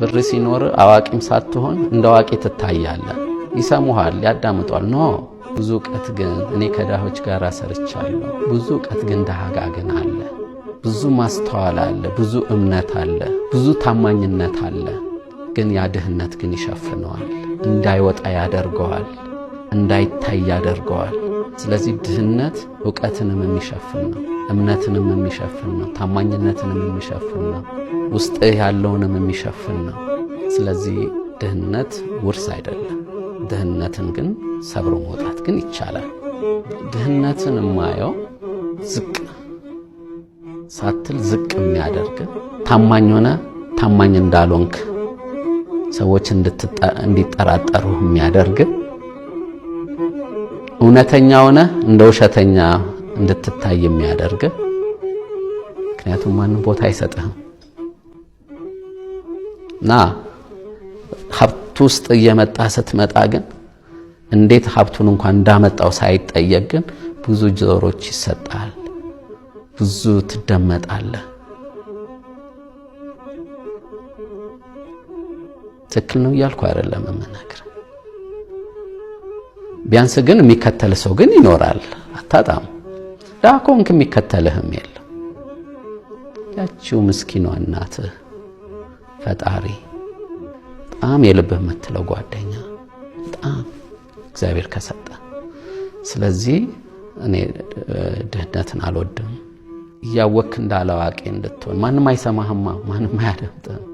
ብር ሲኖር አዋቂም ሳትሆን እንደ አዋቂ ትታያለ። ይሰሙሃል፣ ያዳምጧል። ኖ ብዙ እውቀት ግን እኔ ከድሆች ጋር ሰርቻለሁ። ብዙ እውቀት ግን ድሃ ጋ ግን አለ። ብዙ ማስተዋል አለ፣ ብዙ እምነት አለ፣ ብዙ ታማኝነት አለ። ግን ያ ድህነት ግን ይሸፍነዋል፣ እንዳይወጣ ያደርገዋል፣ እንዳይታይ ያደርገዋል። ስለዚህ ድህነት እውቀትንም የሚሸፍን ነው፣ እምነትንም የሚሸፍን ነው፣ ታማኝነትንም የሚሸፍን ነው፣ ውስጥ ያለውንም የሚሸፍን ነው። ስለዚህ ድህነት ውርስ አይደለም። ድህነትን ግን ሰብሮ መውጣት ግን ይቻላል። ድህነትን የማየው ዝቅ ሳትል ዝቅ የሚያደርግ ታማኝ ሆነ ታማኝ እንዳልሆንክ ሰዎች እንዲጠራጠሩ የሚያደርግን እውነተኛ ሆነ እንደ ውሸተኛ እንድትታይ የሚያደርግ ምክንያቱም ማንም ቦታ አይሰጥህም እና ሀብት ውስጥ እየመጣ ስትመጣ ግን እንዴት ሀብቱን እንኳን እንዳመጣው ሳይጠየቅ ግን ብዙ ጆሮች ይሰጣል፣ ብዙ ትደመጣለህ። ትክክል ነው እያልኩ አይደለም የምነግርህ ቢያንስ ግን የሚከተል ሰው ግን ይኖራል፣ አታጣም። ድሀ ከሆንክ የሚከተልህም የለም። ያቺው ምስኪኗ እናትህ ፈጣሪ በጣም የልብህ የምትለው ጓደኛ በጣም እግዚአብሔር ከሰጠ። ስለዚህ እኔ ድህነትን አልወድም። እያወክ አዋቂ እንድትሆን ማንም አይሰማህማ፣ ማንም አያደምጥህም።